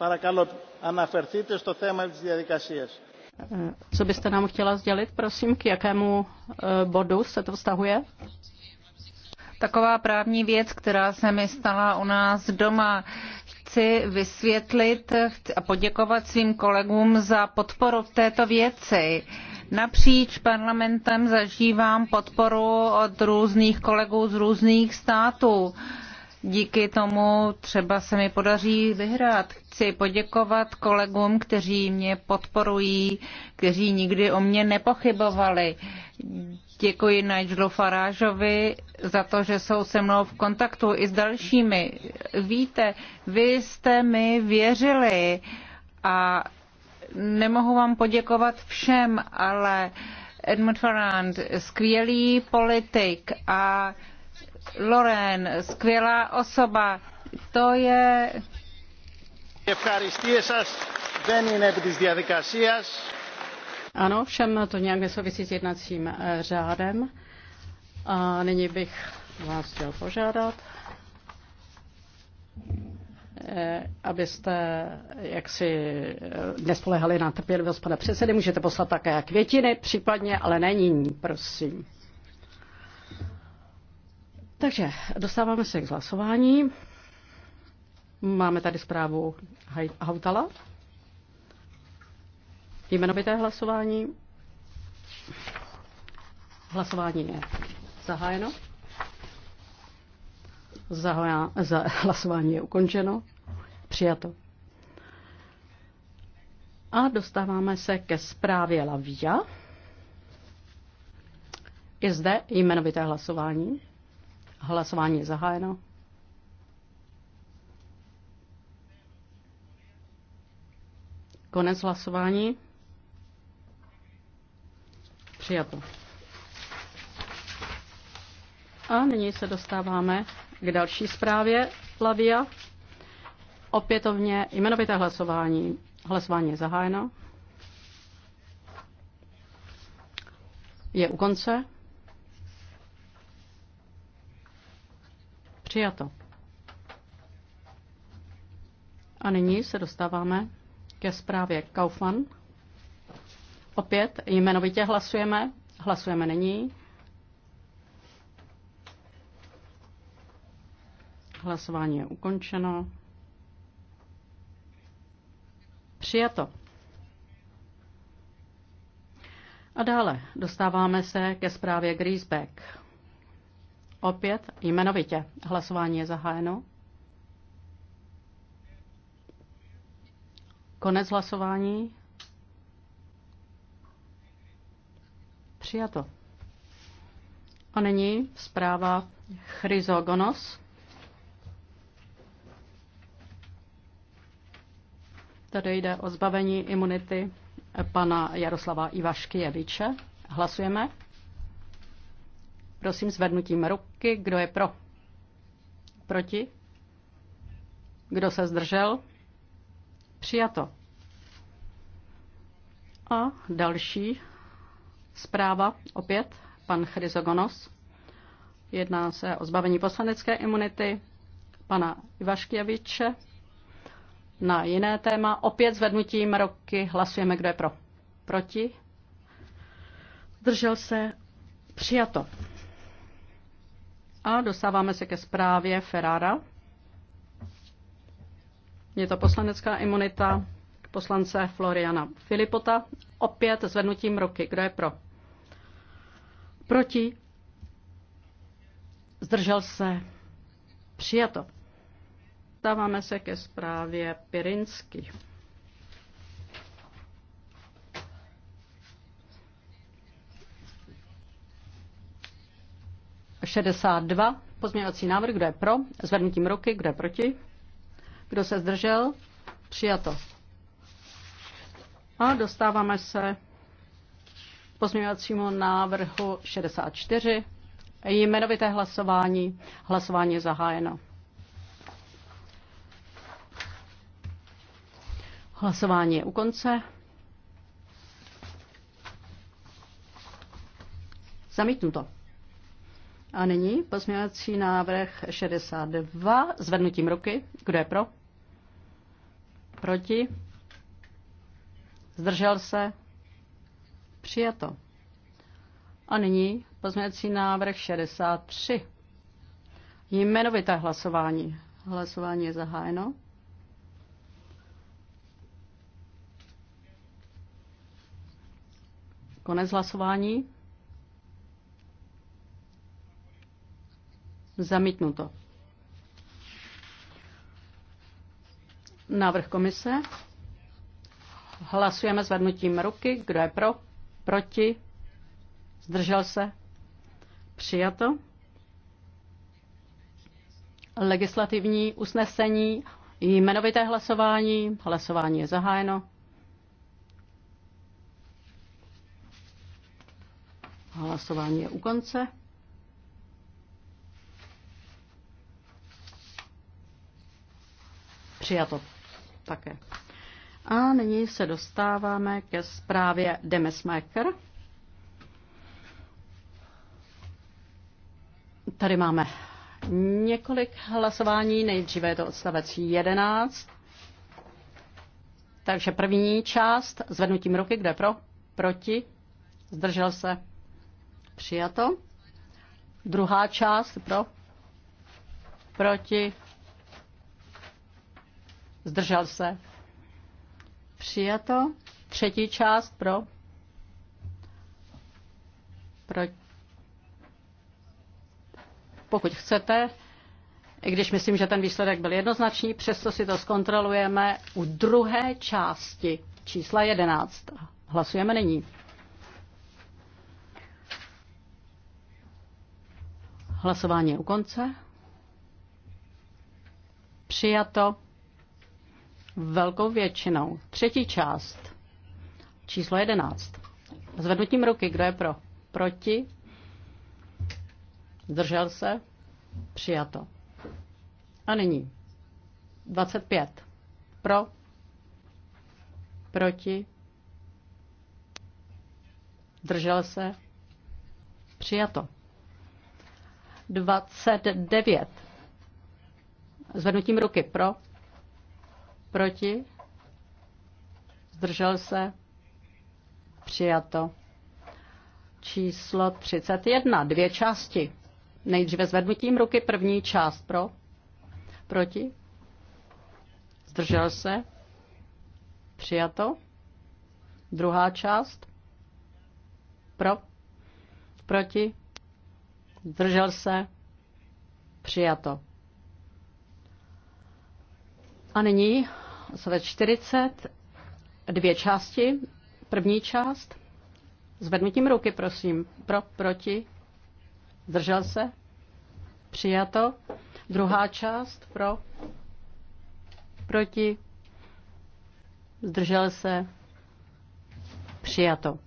Eh, co byste nám chtěla sdělit, prosím, k jakému eh, bodu se to vztahuje? Taková právní věc, která se mi stala u nás doma. Chci vysvětlit a poděkovat svým kolegům za podporu v této věci. Napříč parlamentem zažívám podporu od různých kolegů z různých států díky tomu třeba se mi podaří vyhrát. Chci poděkovat kolegům, kteří mě podporují, kteří nikdy o mě nepochybovali. Děkuji Nigelu Farážovi za to, že jsou se mnou v kontaktu i s dalšími. Víte, vy jste mi věřili a nemohu vám poděkovat všem, ale Edmund Farand, skvělý politik a Loren, skvělá osoba. To je... Ano, všem to nějak nesouvisí s jednacím eh, řádem. A nyní bych vás chtěl požádat, eh, abyste jaksi eh, nespolehali na trpělivost pana předsedy. Můžete poslat také květiny, případně, ale není, prosím. Takže dostáváme se k hlasování. Máme tady zprávu Hautala. Jmenovité hlasování. Hlasování je zahájeno. Zahoja, za, hlasování je ukončeno. Přijato. A dostáváme se ke zprávě Lavia. Je zde jmenovité hlasování. Hlasování je zahájeno. Konec hlasování. Přijato. A nyní se dostáváme k další zprávě Plavia. Opětovně jmenovité hlasování. Hlasování je zahájeno. Je u konce. Přijato. A nyní se dostáváme ke zprávě Kaufmann. Opět jmenovitě hlasujeme. Hlasujeme nyní. Hlasování je ukončeno. Přijato. A dále dostáváme se ke zprávě Greaseback. Opět jmenovitě. Hlasování je zahájeno. Konec hlasování. Přijato. A nyní zpráva Chryzogonos. Tady jde o zbavení imunity pana Jaroslava Ivašky Jeviče. Hlasujeme. Prosím zvednutím ruky, kdo je pro. Proti? Kdo se zdržel? Přijato. A další zpráva, opět pan Chryzogonos. Jedná se o zbavení poslanecké imunity pana Ivaškěviče. Na jiné téma, opět zvednutím roky, hlasujeme, kdo je pro. Proti? Držel se přijato. A dostáváme se ke zprávě Ferrara. Je to poslanecká imunita poslance Floriana Filipota. Opět zvednutím ruky. Kdo je pro? Proti? Zdržel se? Přijato. Dáváme se ke zprávě Pirinsky. 62. Pozměňovací návrh, kdo je pro? Zvednutím ruky, kdo je proti? Kdo se zdržel? Přijato. A dostáváme se k pozměňovacímu návrhu 64. Jmenovité hlasování. Hlasování je zahájeno. Hlasování je u konce. Zamítnuto. A nyní pozměňovací návrh 62 zvednutím ruky. Kdo je pro? Proti? Zdržel se? Přijato. A nyní pozměňovací návrh 63. Jmenovité hlasování. Hlasování je zahájeno. Konec hlasování. Zamítnuto. Návrh komise. Hlasujeme zvednutím ruky. Kdo je pro? Proti? Zdržel se? Přijato. Legislativní usnesení, jmenovité hlasování. Hlasování je zahájeno. Hlasování je u konce. Přijato také. A nyní se dostáváme ke zprávě Demesmaker. Tady máme několik hlasování. Nejdříve je to odstavec 11. Takže první část zvednutím ruky, kde pro, proti, zdržel se, přijato. Druhá část pro, proti, Zdržel se. Přijato. Třetí část pro. pro pokud chcete, i když myslím, že ten výsledek byl jednoznačný, přesto si to zkontrolujeme u druhé části čísla 11. Hlasujeme nyní. Hlasování je u konce. Přijato velkou většinou. Třetí část, číslo 11. Zvednutím ruky, kdo je pro? Proti? Zdržel se? Přijato. A nyní 25. Pro? Proti? Zdržel se? Přijato. 29. Zvednutím ruky pro? Proti? Zdržel se? Přijato. Číslo 31. Dvě části. Nejdříve zvednutím ruky první část pro. Proti? Zdržel se? Přijato. Druhá část. Pro. Proti. Zdržel se. Přijato. A nyní odstavec 40, dvě části. První část, zvednutím ruky, prosím, pro, proti, zdržel se, přijato. Druhá část, pro, proti, zdržel se, přijato.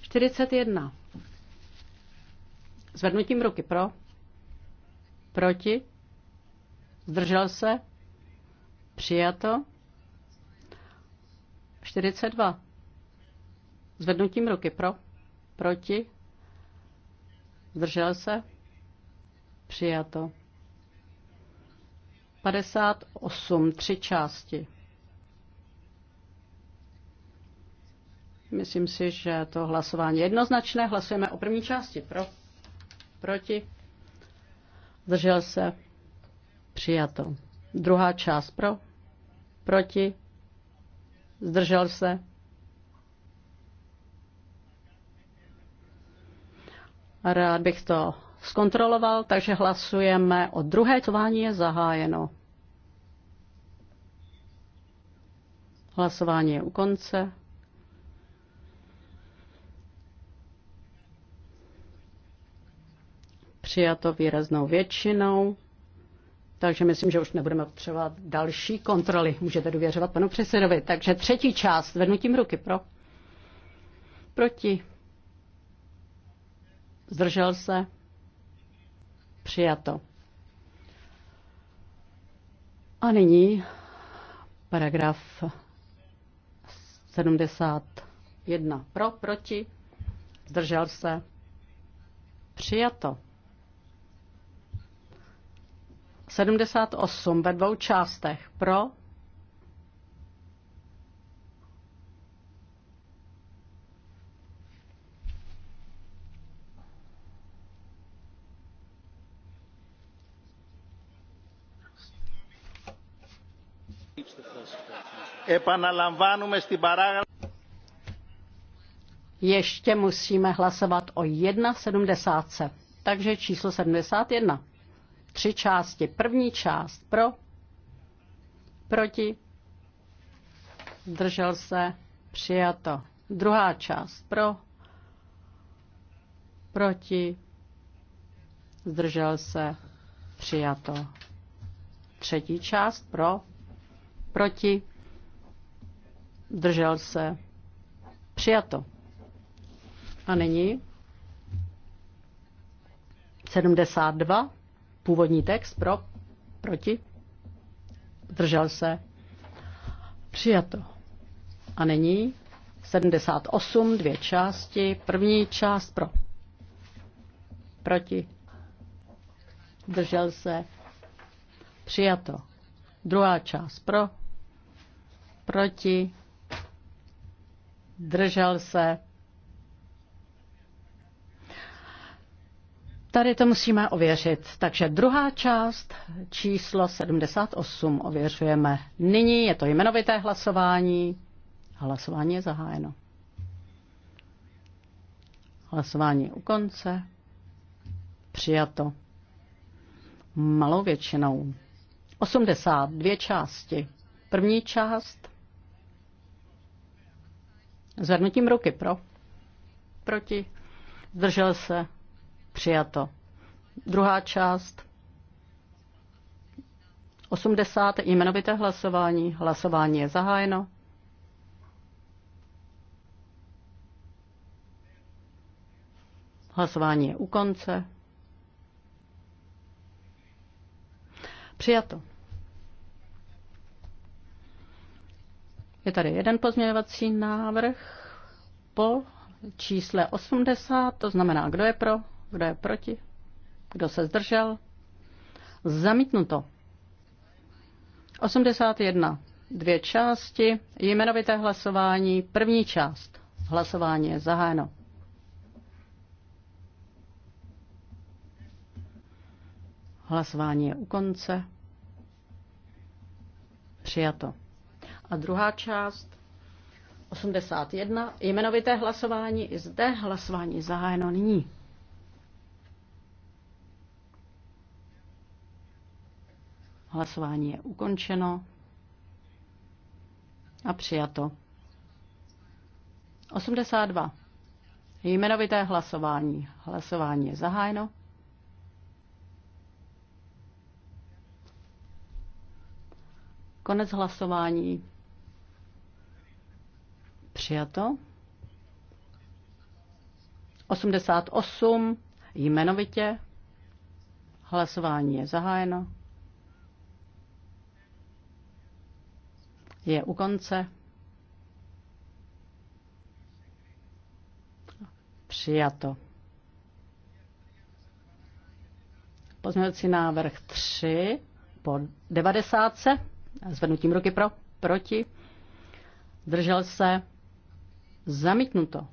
41. Zvednutím ruky pro, proti, zdržel se, Přijato. 42. Zvednutím ruky pro. Proti. Zdržel se. Přijato. 58. Tři části. Myslím si, že to hlasování je jednoznačné. Hlasujeme o první části. Pro. Proti. Zdržel se. Přijato. Druhá část pro. Proti? Zdržel se? Rád bych to zkontroloval, takže hlasujeme o druhé tování je zahájeno. Hlasování je u konce. Přijato výraznou většinou takže myslím, že už nebudeme potřebovat další kontroly. Můžete důvěřovat panu předsedovi. Takže třetí část, vednutím ruky pro. Proti. Zdržel se. Přijato. A nyní paragraf 71. Pro, proti, zdržel se, přijato. 78 ve dvou částech. Pro? Επαναλαμβάνουμε στην παράγραφο. Ještě musíme hlasovat o 1,70. Takže číslo 71 tři části. První část pro, proti, držel se, přijato. Druhá část pro, proti, zdržel se, přijato. Třetí část pro, proti, zdržel se, přijato. A nyní 72 Původní text pro, proti, držel se, přijato. A nyní 78, dvě části, první část pro, proti, držel se, přijato. Druhá část pro, proti, držel se, Tady to musíme ověřit. Takže druhá část, číslo 78, ověřujeme. Nyní je to jmenovité hlasování. Hlasování je zahájeno. Hlasování u konce. Přijato. Malou většinou. 80, dvě části. První část. Zvednutím ruky pro. Proti. Zdržel se Přijato. Druhá část. 80. jmenovité hlasování. Hlasování je zahájeno. Hlasování je u konce. Přijato. Je tady jeden pozměňovací návrh po čísle 80, to znamená, kdo je pro? Kdo je proti? Kdo se zdržel? Zamítnuto. 81. Dvě části. Jmenovité hlasování. První část. Hlasování je zahájeno. Hlasování je u konce. Přijato. A druhá část. 81. Jmenovité hlasování. I zde hlasování zahájeno nyní. Hlasování je ukončeno a přijato. 82. Jmenovité hlasování. Hlasování je zahájeno. Konec hlasování. Přijato. 88. Jmenovitě. Hlasování je zahájeno. je u konce. Přijato. Pozměňovací návrh 3 po 90. Zvednutím ruky pro, proti. Držel se. Zamítnuto.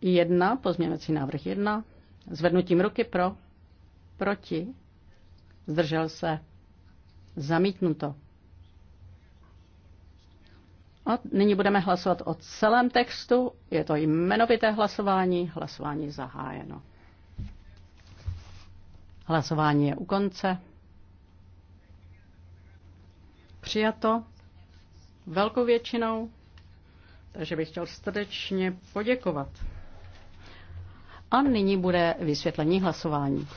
Jedna, pozměňovací návrh jedna. Zvednutím ruky pro, proti. Zdržel se. Zamítnuto. A nyní budeme hlasovat o celém textu. Je to jmenovité hlasování. Hlasování zahájeno. Hlasování je u konce. Přijato velkou většinou, takže bych chtěl srdečně poděkovat. A nyní bude vysvětlení hlasování.